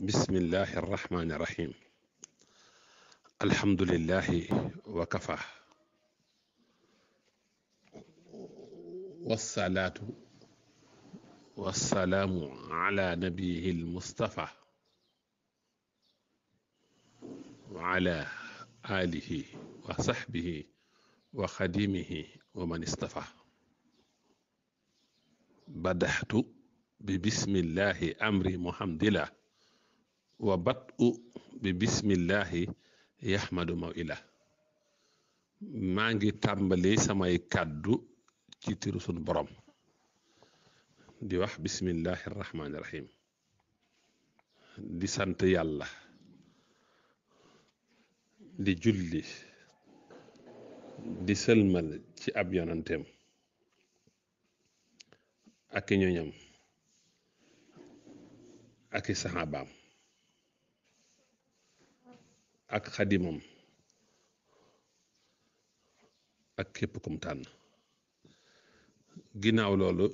bismillahi irrahmani irrahim alhamdulillahi wa kafa wassalaatu wassalaamu ala nabiyihi almustafa wa ala alihi wa saxbihi wa xadimihi wa man istafa badaxtu bi bismillahi amri muhamdillah wa bat u bi bismillahi yahmadu mawila maa ngi tàmbali samay kàddu ci tiru sun borom di wax bismillahi rahmaani rahim di sant yàlla di julli di sëlmal ci ab yonanteem ak i ñoñam ak i saxaabaam ak xadimam ak képp kum tànn ginnaaw loolu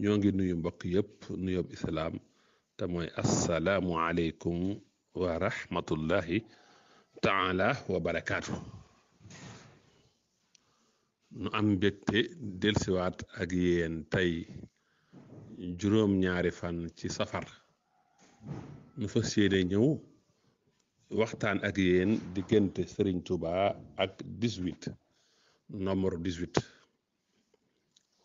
ñoo ngi nuyu mbokk yépp nuyoob islaam te mooy assalaamu aleykum wa rahmatullahi taala nu am mbégte delsiwaat ak yéen tey juróom ñaari fan ci safar nu fas yéene ñëw waxtaan ak yéen diggante Serigne Touba ak 18 nombre 18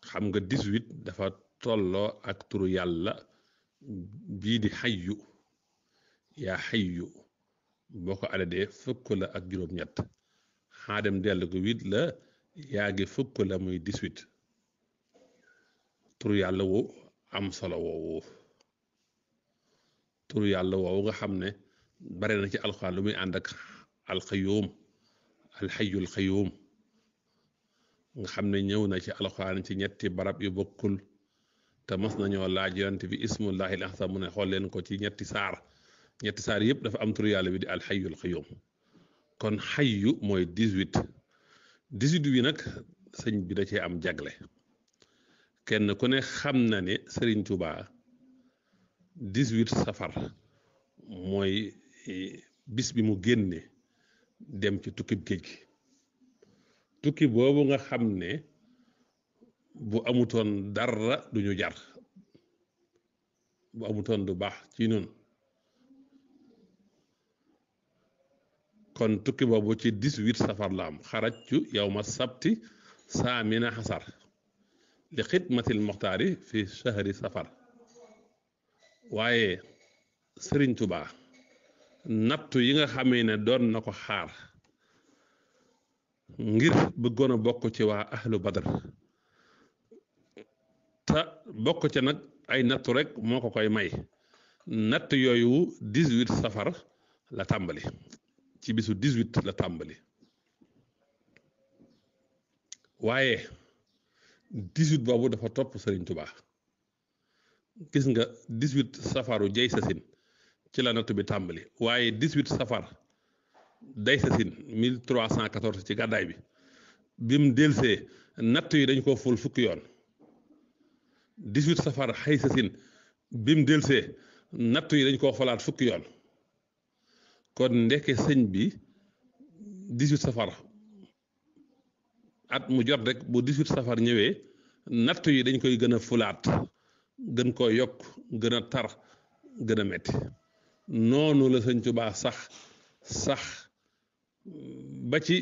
xam nga 18 dafa tolloo ak turu yàlla bii di xayyu yaa xayyu boo ko adadee fukk la ak juróom-ñett xaadem dellu ko 8 la yaa ngi fukk la muy 18 turu yàlla wu am solo woowu turu yàlla woowu nga xam ne. bare na ci alxuraan lu muy ànd ak alxayuum alxayul xayuum nga xam ne ñëw na ci alxuraan ci ñetti barab yu bokkul te mas nañoo laaj yonent bi ismullahi al ahsam mu ne xool leen ko ci ñetti saar ñetti saar yëpp dafa am turu yàlla bi di alxayul xayuum kon xayu mooy 18 18 bi nag sëñ bi da cee am jagle kenn ku ne xam na ne sëriñ Touba 18 safar mooy bis bi mu génnee dem ci tukkib géej gi tukki boobu nga xam ne bu amutoon dara duñu jar bu amutoon du baax ci nun kon tukki boobu ci dix-huit safar la am xarajtu yawma sabti saamina xasar li xidmatil muxtaari fi shahri safar waaye Sëriñ Tubaa nattu yi nga xamee ne doon na ko xaar ngir bëggoon a bokk ci waa ahlu badar te bokk ci nag ay nattu rek moo ko koy may natt yooyu 18 safar la tàmbali ci bisu 18 la tàmbali waaye 18 boobu dafa topp Sëriñ Tubaa gis nga 18 safaru jey sasin ci la natt bi tàmbali waaye 18 safar day sasin 1314 ci gàddaay bi bim delsee natt yi dañ koo ful fukki yoon 18 safar xëy sasin bim delsee nattu yi dañ koo falaat fukki yoon kon ndekke sëñ bi 18 safar at mu jot rek bu 18 safar ñëwee nattu yi dañ koy gën a fulaat gën koo yokk gën a tar gën a metti noonu la sëñ Tuubaa sax sax ba ci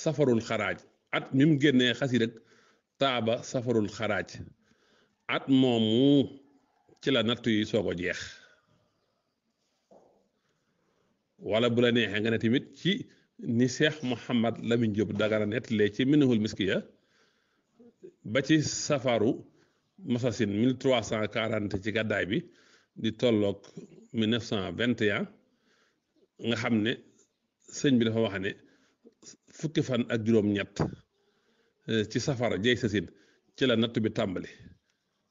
safarul xaraaj at mi mu génnee xas yi rek taaba safarul xaraaj at moomu ci la nattu yi soog a jeex wala bu la neexee nga ne tamit ci ni seex Muhammad Lamin Jóob Dagana nettalee ci minihul miskiya ba ci safaru masasin 1340 ci gàddaay bi di tolloog 1921 nga xam ne sëñ bi dafa wax ne fukki fan ak juróom-ñett eh, ci safara jey sasin ci la natt bi tàmbali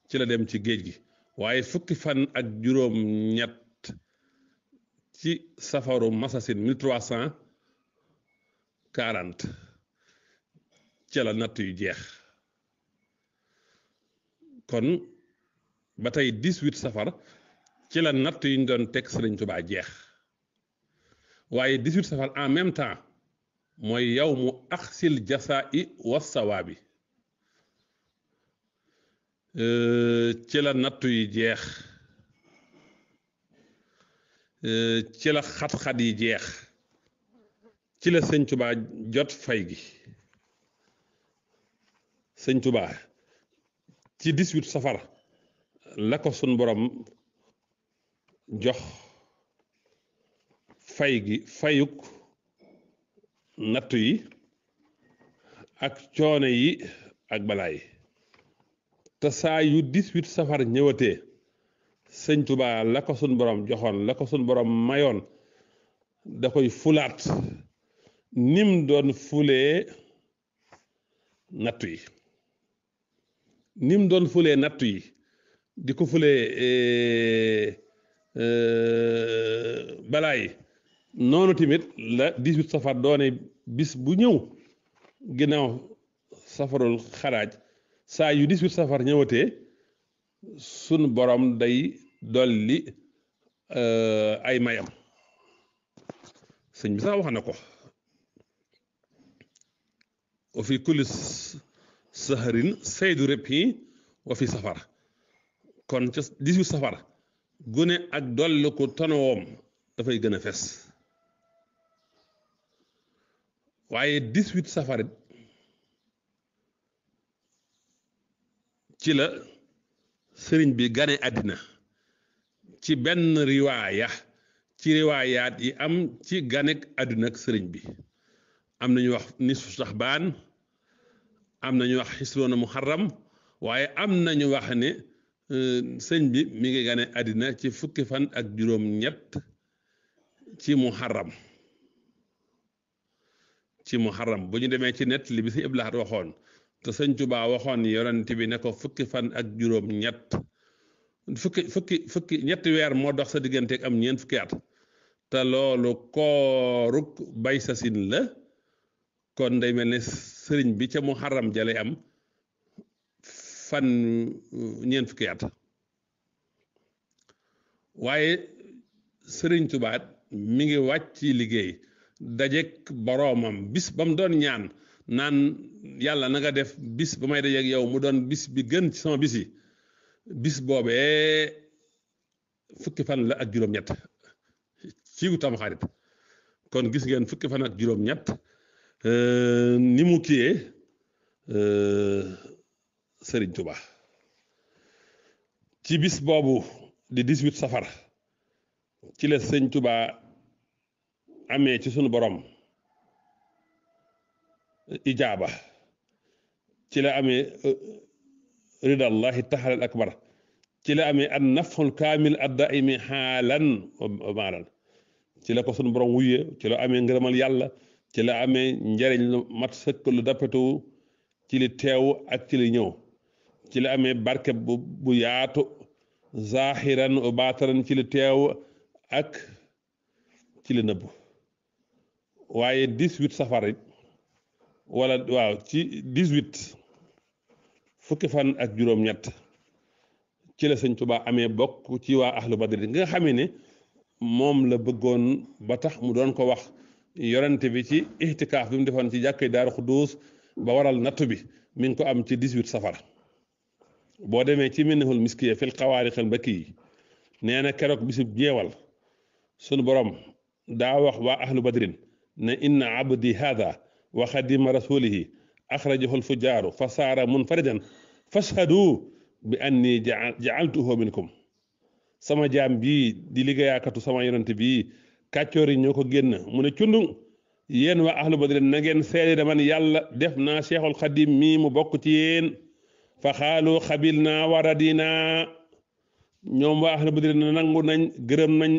ci la dem ci géej gi waaye fukki fan ak juróom-ñett ci safaru masasin 1340 ci la natt yu jeex kon ba tey 18 safar. ci la nattu yi ñu doon teg Sëriñ Tuubaa jeex waaye 18 safar en même temps mooy yow mu axsil jasaa i wasawaa bi euh, ci la nattu yi jeex euh, ci la xat-xat yi jeex ci la sëñ Tuubaa jot fay gi sëñ Tuubaa ci 18 safar la ko sun borom jox fay gi fayuk nattu yi ak coono yi ak balaay te saa yu 18 safar ñëwatee sëñ Tuubaa la ko sun borom joxoon la ko sun borom mayoon da koy fulaat nim doon fulee nattu yi nim doon fulee nattu yi di ko fulee eh, Euh, balaa yi noonu tamit la 18 safar doone bis bu ñëw ginnaaw safarul xaraaj saa yu 18 safar ñëwatee sunu borom day dolli euh, ay mayam sëñ bi sax wax na ko wa fi kulli saharin saydu rëb yi wa fi safar kon ca 18 safar gune ak dolli ko tonowoom dafay gën a fes waaye 18 safarit ci la sëriñ bi gane àddina ci benn riwaaya ci riwaayaat yi am ci ganek àddina ak sëriñ bi am nañu wax nisfu saxbaan am nañu wax xisroona muharram waaye am nañu wax ne Euh, sëñ bi mi ngi gane àddina ci fukki fan ak juróom ñett ci muharram ci muharram bu ñu demee ci nett li bi si iblaat waxoon te sëñ Tuubaa waxoon yonent bi ne ko fukki fan ak juróom ñett fukki fukki ñetti weer moo dox sa diggante am ñeent fukki at te loolu kooruk bay sasin la kon day mel ne sëriñ bi ca muharram ja lay am fan uh, ñeent fukki at waaye sëriñ tubaat mu ngi wàcc ci liggéey dajeek boroomam bis ba mu doon ñaan naan yàlla na nga def bis ba may dajeek yow mu doon bis bi gën ci sama bis yi bis boobee fukki fan la ak juróom-ñett ci tam xarit kon gis ngeen fukki fan ak juróom-ñett uh, ni mu kiyee uh, sëriñ Touba ci bis boobu di 18 safar ci la sëñ Touba amee ci sunu borom ijaaba ci la amee euh, ridallahi taxalal akbar ci la amee an nafxul kaamil addaimi xaalan wa maalan ci la ko sunu borom wuyee ci la amee ngërëmal yàlla ci la amee njariñ lu mat sëkk lu dappetowu ci li teew ak ci li ñëw ci la amee barke bu bu yaatu zaxiran wa ci li teew ak ci li nëbbu waaye dix safara safar wala waaw ci dix-huit fukki fan ak juróom-ñett ci la sëñ Tuubaa amee bokk ci waa ahlu badri nga xamee ne moom la bëggoon ba tax mu doon ko wax yorante bi ci ixtikaaf bi mu defoon ci jàkkee daaru Xudduus ba waral nattu bi mi ngi ko am ci dix-huit safar boo demee ci minnihul miskiya fil xawaarixal mbëkki yi nee na keroog bisub jeewal sunu borom daawax wax waa ahlu badrin ne inna abdi haada wa xadima rasulihi axrajahu lfujaaru fa saara munfaridan fashhadu bi anni jaaltuhu minkum sama jaam bii di liggéeyaakatu sama yonante bii kàccoor yi ñoo ko génn mu ne cundung yéen waa ahlu badrin na ngeen seede ne man yàlla def naa cheikhul xadim mii mu fa xaalu xabil naa waradina ñoom waa ahlu badri na nangu nañ gërëm nañ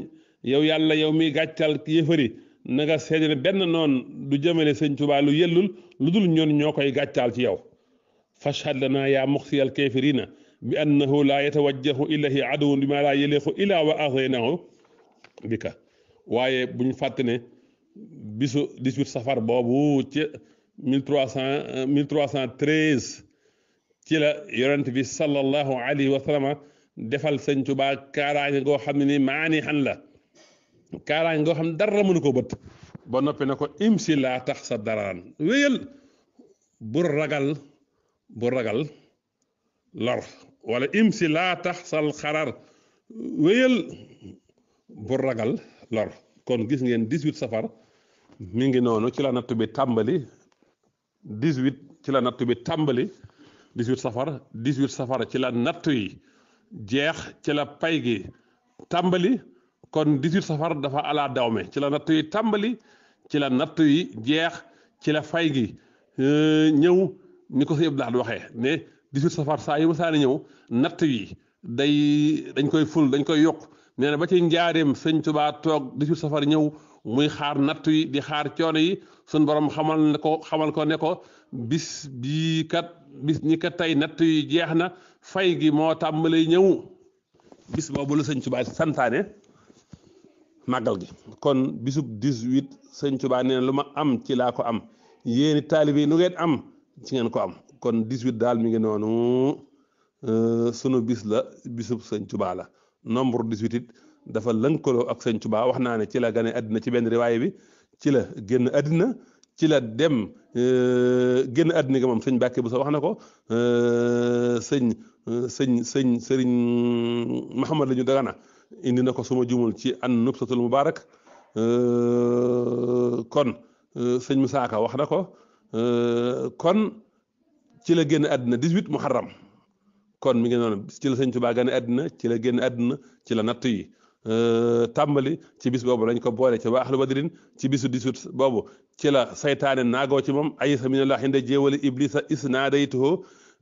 yow yàlla yow mi gàccal yëfëri na nga ne benn noon du jëmale sëñ Tuubaa lu lu dul ñoon ñoo koy gàccal ci yow fashhad lanaa yaa muxsiyal kaafiriina bi annahu laa yatawajjahu ilayhi aduwwun bi maa bika waaye bu ñu fàtte ne bisu 18 safar boobu ci 1300 1313 ci la yonent bi sallallahu alayhi wa sallam defal sëñ Tuubaa kaaraange goo xam ne ni maani xan la kaaraange goo xam ne dara mënu koo bët ba noppi na ko im imsi laa tax sa daraan wéyal bu ragal bu ragal lor wala imsi laa tax sal xarar wéyal bu ragal lor kon gis ngeen 18 safar mu ngi noonu ci la nattu bi tàmbali 18 ci la natt bi tàmbali 18 safar 18 safar ci la nattu yi jeex ci la pay gi tàmbali kon 18 safar dafa ala dawme ci la nattu yi tàmbali ci la nattu yi jeex ci la fay gi euh, ñëw ni ko si yëpp daal waxee ne 18 safar saa yu masaani ñëw natt yi day dañ koy ful dañ koy yokk nee na ba ci njaareem sëñ Tuubaa toog 18 safar ñëw muy xaar natt yi di xaar coono yi sun borom xamal ne ko xamal ko ne ko bis bii kat bis ñi kat tey natt yi jeex na fay gi moo tàmbalee ñëw bis boobu la sëñ Tuubaa santaane màggal gi kon bisub 18 sëñ Tuubaa nee lu ma am ci laa ko am yéeni taalibe yi nu ngeen am ci ngeen ko am kon 18 daal mi ngi noonu euh, sunu bis la bisub sëñ Tuubaa la nombre 18 it dafa lënkaloo ak sëñ Tuubaa wax naa ne ci la gane àddina ci benn riwaay bi ci la génn àddina ci la dem euh, génn àddina gi moom sëñ Mbàkke bu sa wax na ko euh, sëñ sëñ sëñ sëriñ Mahamad la ñu Dagana indi na ko suma jumul ci an nubsatul mubaarak euh, kon sëñ Musaa Ka wax na ko kon ci la génn àddina 18 muharram kon mi ngi noonu ci la sëñ Tuubaa gane àddina ci la génn àddina ci la natt yi Euh, tàmbali ci bis boobu lañ ko boole ci waa ahlu badrin ci bisu dix-huit boobu ci la seytaane naagoo ci moom ayisa minallah inda jéewali iblisa isnaadaytuhu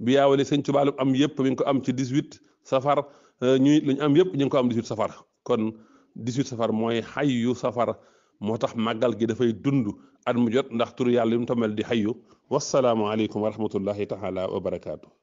bi yaawali sëñ tubaalum am yëpp mi ngi ko am ci dix-huit safar euh, ñuy lu ñu am yëpp ñu ngi ko am dix-huit safar kon dix-huit safar mooy xayyu safar moo tax màggal gi dafay dund at mu jot ndax turu yàlla yu mu tamal di xayyu wasalaamu aleykum wa rahmatullahi taala wa barakaatu.